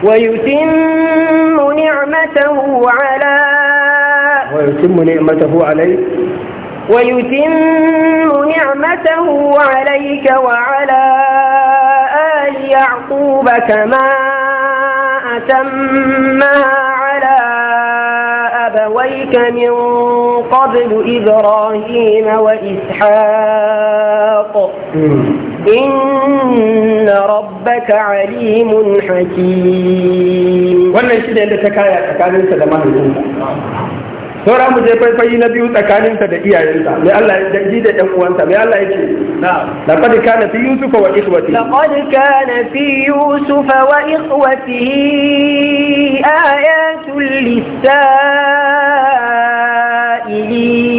ويتم نعمته على ويتم نعمته عليك ويتم نعمته عليك وعلى آل يعقوب كما أتمها على أبويك من قبل إبراهيم وإسحاق إن ربك عليم حكيم wannan shi da yadda ta kaya tsakaninsa da mahaifinsa saura mu je faifayi na biyu tsakaninsa da iyayensa mai Allah ya dangi da ɗan uwansa mai Allah yake laqad kana fi yusufa wa ikhwatihi laqad kana fi yusufa wa ikhwatihi ayatul lis-sa'ilin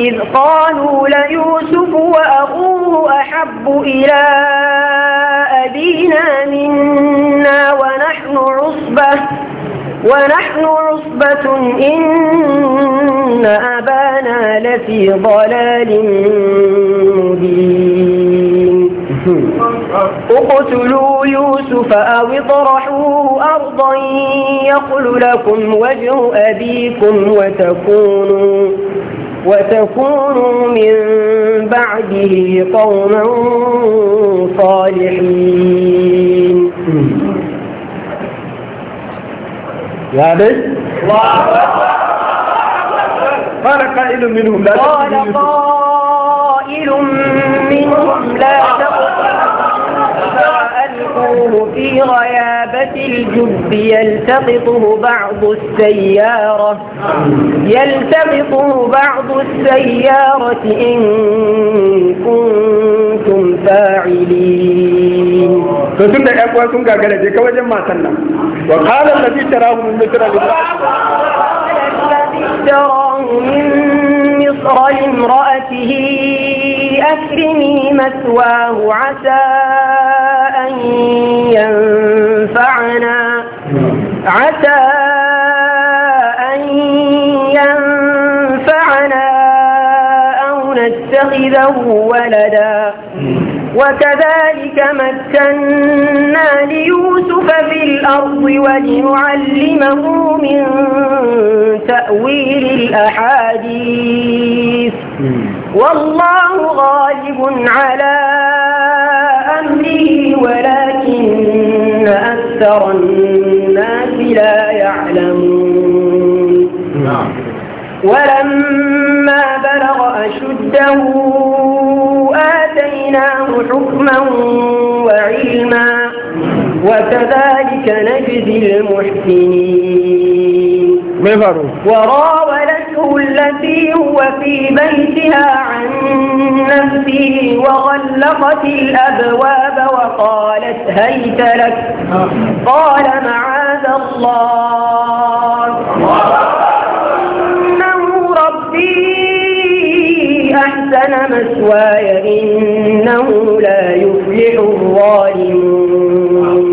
إذ قالوا ليوسف وأخوه أحب إلى أبينا منا ونحن عصبة ونحن عصبة إن أبانا لفي ضلال مبين اقتلوا يوسف أو اطرحوه أرضا يخل لكم وجه أبيكم وتكونوا وتكونوا من بعده قوما صالحين يا بس قال قائل منهم لا قال قائل منهم لا تقتلوا تذروه في غيابة الجب يلتقطه بعض السيارة يلتقطه بعض السيارة إن كنتم فاعلين فسنة أقوى سنة قالت لك ما سنة وقال الذي تراه من مصر الذي تراه من مصر لامرأته أكرمي مثواه عسى ينفعنا عسى أن ينفعنا أو نتخذه ولدا وكذلك مكنا ليوسف في الأرض ولنعلمه من تأويل الأحاديث والله غالب على أمره ولا ولكن أكثر الناس لا يعلمون نعم. ولما بلغ أشده آتيناه حكما وعلما وكذلك نجزي المحسنين وراولته نفسه التي هو في بيتها عن نفسه وغلقت الأبواب وقالت هيت لك قال معاذ الله إنه ربي أحسن مسواي إنه لا يفلح الظالمون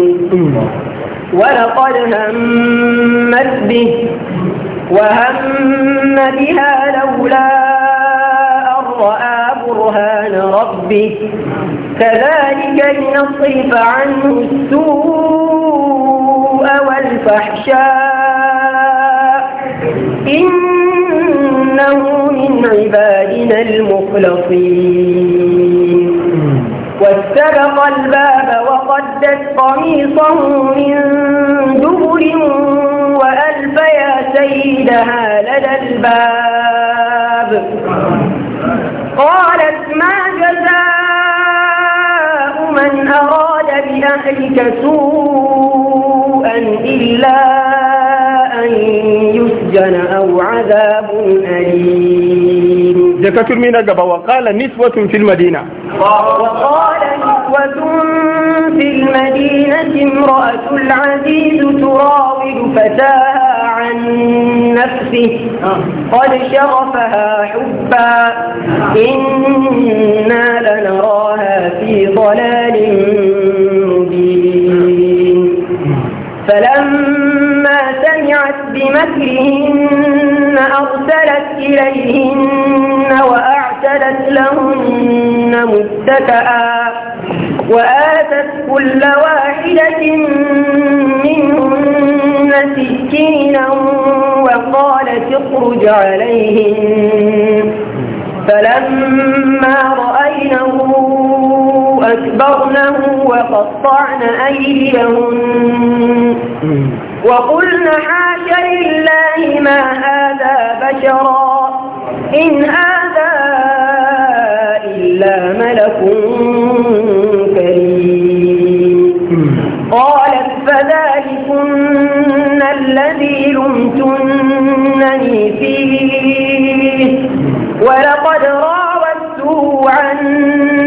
ولقد همت به وهم بها لولا أن رأى برهان ربه كذلك لنصرف عنه السوء والفحشاء إنه من عبادنا المخلصين واستبق الباب وقدت قميصه من دبر سيدها لدى الباب قالت ما جزاء من أراد بأهلك سوءا إلا أن يسجن أو عذاب أليم ذكرت من قبل وقال نسوة في المدينة وقال نسوة في المدينة امرأة العزيز تراود فتاها عن نفسه قد شغفها حبا إنا لنراها في ضلال مبين فلما سمعت بمكرهن أرسلت إليهن وأعتدت لهن متكئا وآتت كل واحدة منهن سكينا وقالت اخرج عليهن فلما رأينه أكبرنه وقطعن أيديهن وقلن حاشا لله ما هذا بشرا إن هذا إلا ملك ليفتنني فيه ولقد راودته عن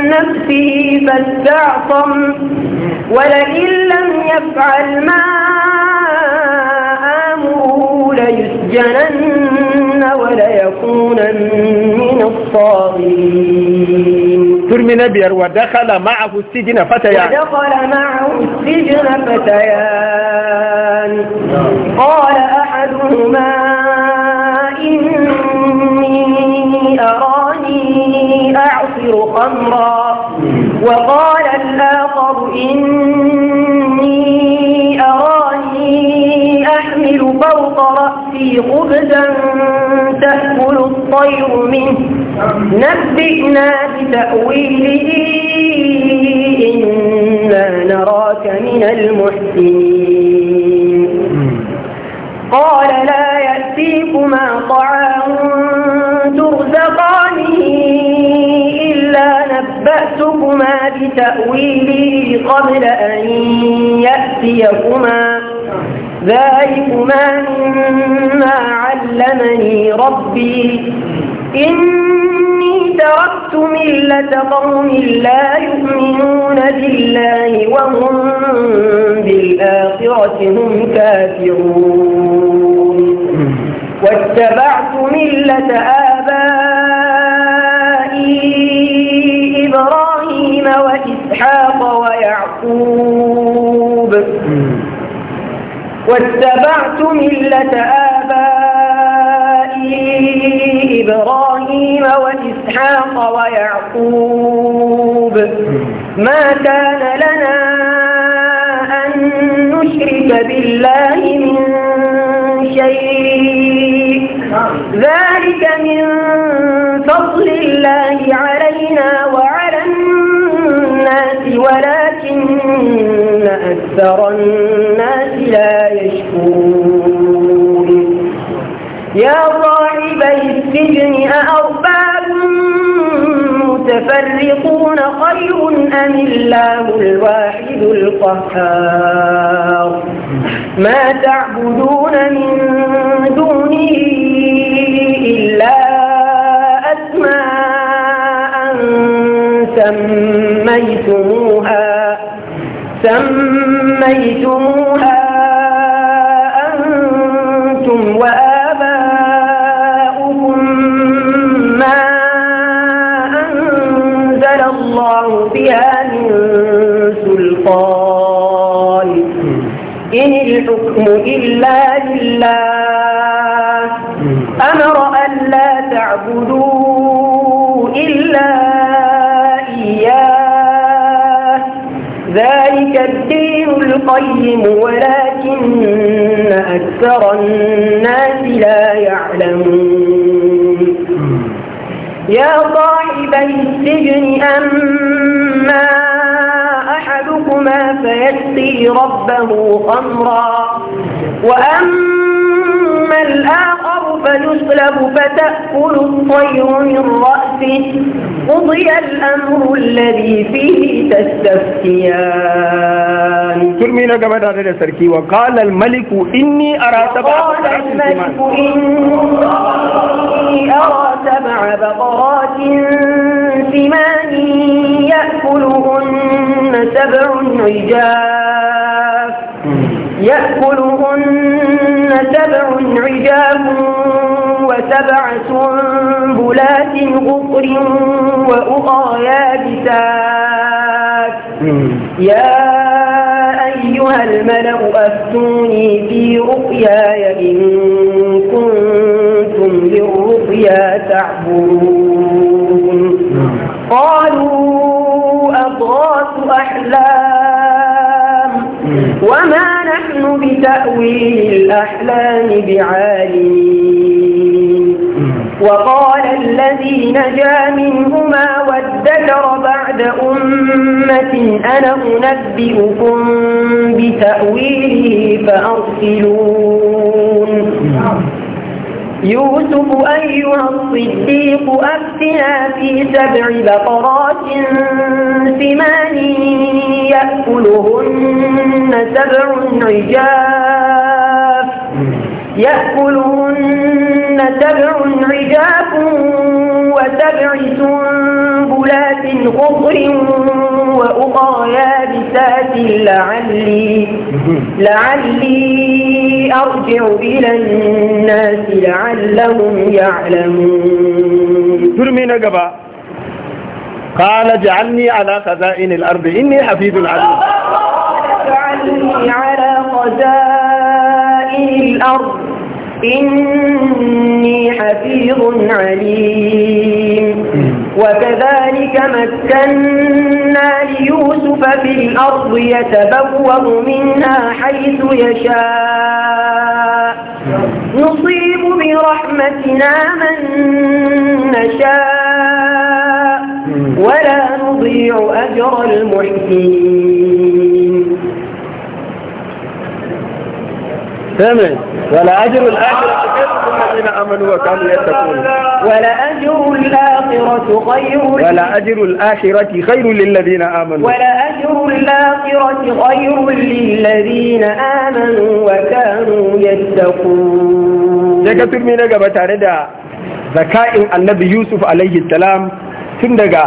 نفسه فاستعصم ولئن لم يفعل ما آمره ليسجنن وليكونن من الصاغرين نبير ودخل معه السجن فتيان ودخل معه السجن فتيان قال أحدهما أراني أعصر خمرا وقال الآخر إني أراني أحمل فوق رأسي خبزا تأكل الطير منه نبئنا بتأويله إنا نراك من المحسنين قال لا يأتي يأتيكما طعام ترزقانه إلا نبأتكما بتأويله قبل أن يأتيكما ذلكما مما علمني ربي إني تركت ملة قوم لا يؤمنون بالله وهم بالآخرة هم كافرون واتبعت ملة آبائي إبراهيم وإسحاق ويعقوب واتبعت ملة آبائي إبراهيم وإسحاق ويعقوب ما كان لنا أن نشرك بالله من شيء ذلك من فضل الله علينا وعلى الناس ولكن أكثر الناس لا يشكرون يا صاحبي السجن أأرباب متفرقون خير أم الله الواحد القهار ما تعبدون من دوني إلا أسماء سميتموها سميتموها أنتم وأنتم الله أمر أن لا تعبدوا إلا إياه ذلك الدين القيم ولكن أكثر الناس لا يعلمون يا صاحبي السجن أما أحدكما فيسقي ربه خمرا وأما الآخر فيسلب فتأكل الطير من رأسه قضي الأمر الذي فيه تستفتيان كرمي لك بدأ لسركي وقال الملك إني أرى سبع بقرات إني أرى سبع بقرات ثمان يأكلهن سبع عجاف يأكلهن حجاب وسبع سنبلات غفر وأخرى يابسات يا أيها الملأ أفتوني في رؤياي إن كنتم للرؤيا تعبرون قالوا أضغاث أحلام وما نحن بتأويل الأحلام بعالمين وقال الذي نجا منهما وادكر بعد أمة أنا أنبئكم بتأويله فأرسلون يوسف أيها الصديق أفتنا في سبع بقرات ثمان يأكلهن سبع عجاف يأكلهن سبع عجاف وسبع سنبلات خضر عصا يابسات لعلي لعلي أرجع إلى الناس لعلهم يعلمون ترمين قبا قال اجعلني على خزائن الأرض إني حفيظ عليم اجعلني على خزائن الأرض إني حفيظ عليم وكذلك مكنا ففي الأرض يتبوأ منها حيث يشاء نصيب برحمتنا من نشاء ولا نضيع أجر المحسنين ثمن ولا أجر الآخرة الذين امنوا وكانوا يتقون ولا اجر الاخره خير للذين امنوا ولا اجر الاخره خير للذين امنوا وكانوا يتقون daga turmi na gaba tare da zaka'in annabi yusuf alaihi salam tun daga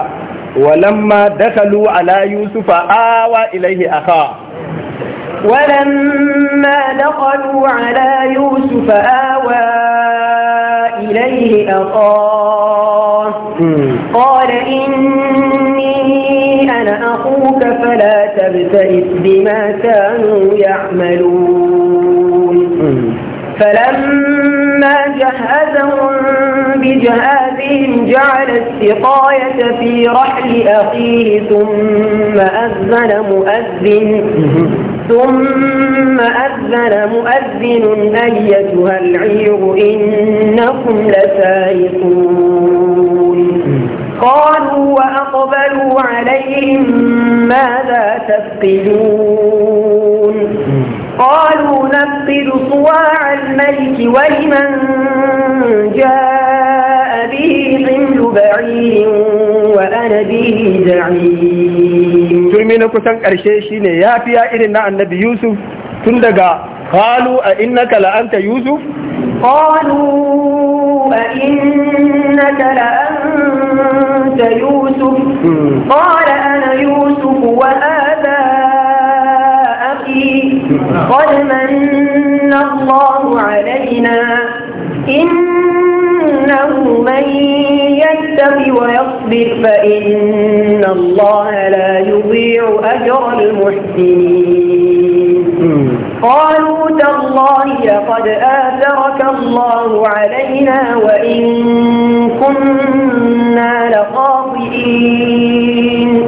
walamma dakalu ala yusufa awa ilaihi akha ولما دخلوا على يوسف آوى إليه أخاه قال إني أنا أخوك فلا تبتئس بما كانوا يعملون فلما جهزهم بجهازهم جعل السقاية في رحل أخيه ثم أذن مؤذن ثم أذن مؤذن أيتها العير إنكم لسارقون قالوا وأقبلوا عليهم ماذا تفقدون قالوا نفقد صواع الملك ولمن جاء به حمل بعير وأنا به زعيم kalmomi na kusan ƙarshe shine yafiya irin na annabi yusuf tun daga a innaka la yusuf qalu a innaka la yusuf hmm. qala ana yusuf wa aba akhi hmm. Allahu alaina innahu يتق ويصبر فإن الله لا يضيع أجر المحسنين قالوا تالله لقد آثرك الله علينا وإن كنا لخاطئين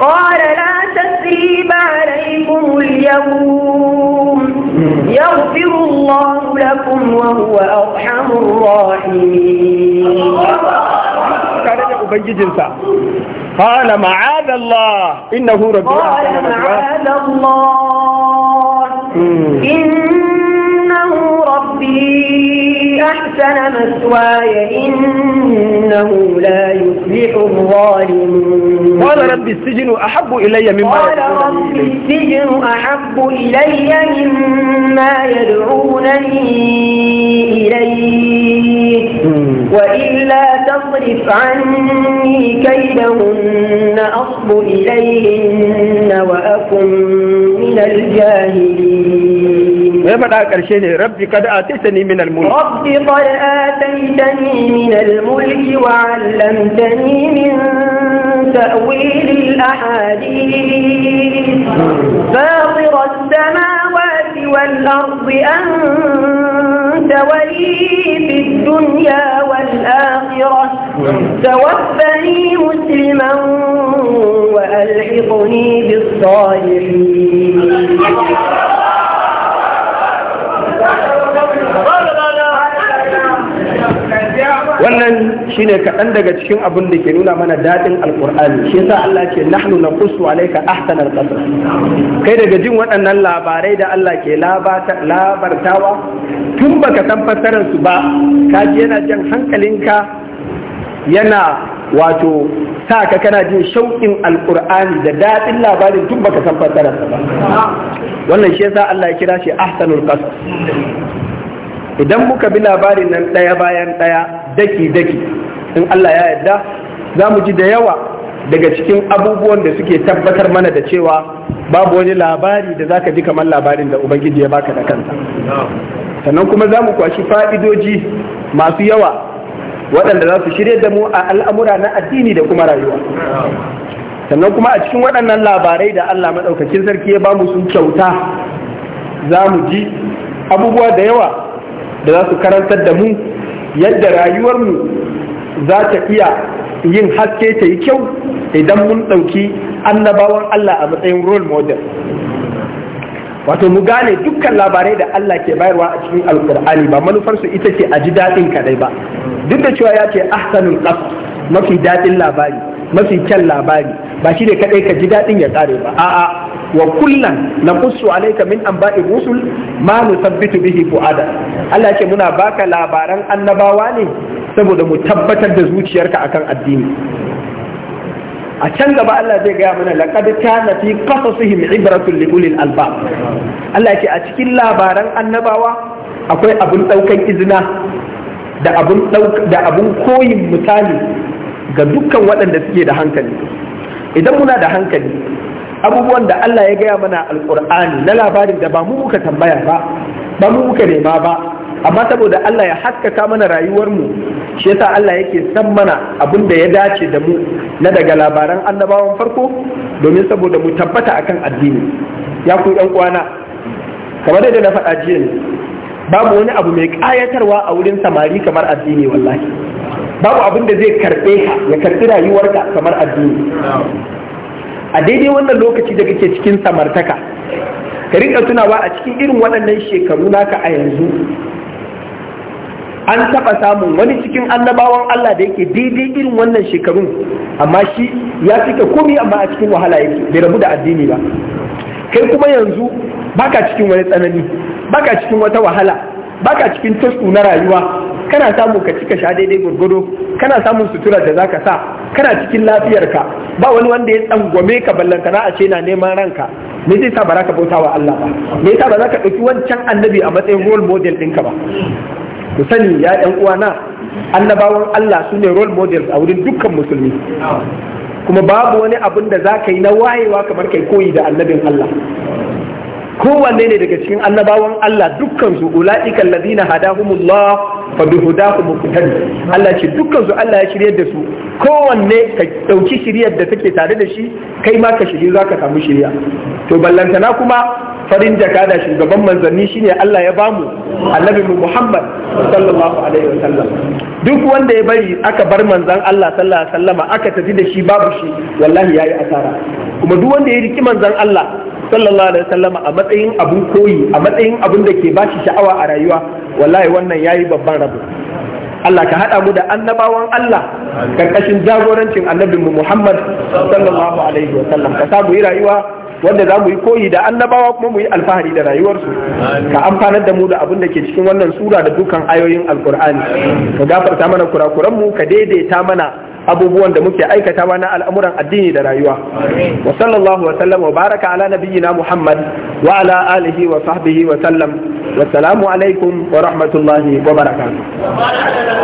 قال لا تسريب عليكم اليوم يغفر الله لكم وهو أرحم الراحمين ubangijinsa qala ma'ada Allah innahu rabbi qala ma'ada Allah innahu rabbi ahsana maswaya innahu la yuflihu adh-dhalimun qala rabbi as-sijnu ahabbu ilayya mimma qala rabbi as-sijnu ahabbu ilayya mimma yad'unani ilayhi وإلا واصرف عني كيدهن أصب إليهن وأكن من الجاهلين يا فدا كرشيني ربي قد آتيتني من الملك ربي قد آتيتني من الملك وعلمتني من تأويل الأحاديث فاطر السماوات والأرض أن ولي في الدنيا والآخرة توفني مسلما وألحقني بالصالحين wannan shine kaɗan daga cikin abin da ke nuna mana daɗin alƙur'ani shi yasa Allah ke nahnu naqussu a ahsanal qasas kai daga jin waɗannan labarai da Allah ke labartawa tun baka san fassarar su ba kaji yana jan hankalinka yana wato sa ka kana jin shauƙin alƙur'ani da daɗin labarin tun baka san fassararsa ba wannan shi yasa Allah ya kira shi ahsanul qasas idan muka bi labarin nan ɗaya bayan ɗaya daki-daki in Allah ya yarda za mu ji da yawa daga cikin abubuwan da suke tabbatar mana da cewa babu wani labari da zaka ji kamar labarin da Ubangiji ya baka da kansa sannan kuma za mu kwashi fa'idoji masu yawa waɗanda za su shirya da mu a al'amura na addini da kuma rayuwa sannan kuma a cikin waɗannan labarai da Allah maɗaukakin sarki ya ba mu sun kyauta za mu ji abubuwa da yawa da za su karantar da mu yadda rayuwarmu za ta iya yin haske ta yi kyau idan mun ɗauki annabawan Allah a matsayin role model wato mu gane dukkan labarai da Allah ke bayarwa a cikin alkur'ani ba manufarsu ita ce a ji daɗin kaɗai ba duk da cewa ya ce ahsanul qaf mafi daɗin labari mafi kyan labari ba shi ne kaɗai ka ji daɗin ya ƙare ba a'a wa kullan naqussu alayka min anba'i rusul ma nusabbitu bihi fuada Allah yake muna baka labaran annabawa ne saboda mu tabbatar da zuciyarka akan addini a can gaba Allah zai gaya mana laqad kana fi qasasihim ibratun li ulil albab Allah yake a cikin labaran annabawa akwai abun daukan izina da abun koyin misali ga dukkan waɗanda suke da hankali idan muna da hankali abubuwan da Allah ya gaya mana alkur'ani na labarin da ba mu muka tambaya ba ba mu muka nema ba amma saboda Allah ya haskaka mana rayuwarmu shi yasa Allah yake san mana abin da ya dace da mu na daga labaran annabawan farko domin saboda mu tabbata akan addini ya ku ɗan kwana kamar yadda na faɗa jiya ne babu wani abu mai ƙayatarwa a wurin samari kamar addini wallahi babu abin da zai karɓe ka ya karɓi rayuwarka kamar addini a daidai wannan lokaci da kake cikin samartaka ka rinka tunawa a cikin irin waɗannan shekaru naka a yanzu an taɓa samun wani cikin annabawan Allah da yake daidai irin wannan shekarun amma shi ya cika komi amma a cikin wahala yake bai rabu da addini ba kai kuma yanzu baka cikin wani tsanani baka cikin wata wahala baka cikin tasku na rayuwa kana samu ka cika sha daidai gwargwado kana samun sutura da za ka sa kana cikin lafiyarka ba wani wanda ya tsangwame ka ballantana a ce na neman ranka me zai sa ba za ka bauta wa Allah ba me yasa ba za ka ɗauki wancan annabi a matsayin role model ɗinka ba ku sani ya ɗan uwana annabawan Allah su ne role models a wurin dukkan musulmi kuma babu wani abin da za ka yi na wayewa kamar kai koyi da annabin Allah kowanne ne daga cikin annabawan Allah dukkan su ula'ika ladina hadahumullah fa bihudahum muqtadi Allah ce dukkan su Allah ya shiryar da su kowanne ka dauki shiryar da take tare da shi kai ma ka shirye zaka samu shirya to ballantana kuma farin jaka da shugaban manzanni shine Allah ya bamu annabi Muhammad sallallahu alaihi wasallam duk wanda ya bari aka bar manzan Allah sallallahu alaihi wasallama aka tafi da shi babu shi wallahi yayi asara kuma duk wanda ya riki manzan Allah sallallahu alaihi wasallam a matsayin abun koyi a matsayin abun da ke bashi sha'awa a rayuwa wallahi wannan yayi babban rabo Allah ka haɗa mu da annabawan Allah karkashin jagorancin annabin mu Muhammad sallallahu alaihi wa ka samu rayuwa wanda za mu yi koyi da annabawa kuma mu yi alfahari da rayuwarsu ka amfanar da mu da abin da ke cikin wannan sura da dukkan ayoyin alkur'ani ka gafarta mana kurakuran mu ka daidaita mana abubuwan da muke aikatawa na al'amuran addini da rayuwa wa sallallahu wa sallam wa baraka ala nabiyyina muhammad wa ala alihi wa sahbihi wa sallam wa salamu alaikum wa rahmatullahi wa barakatuh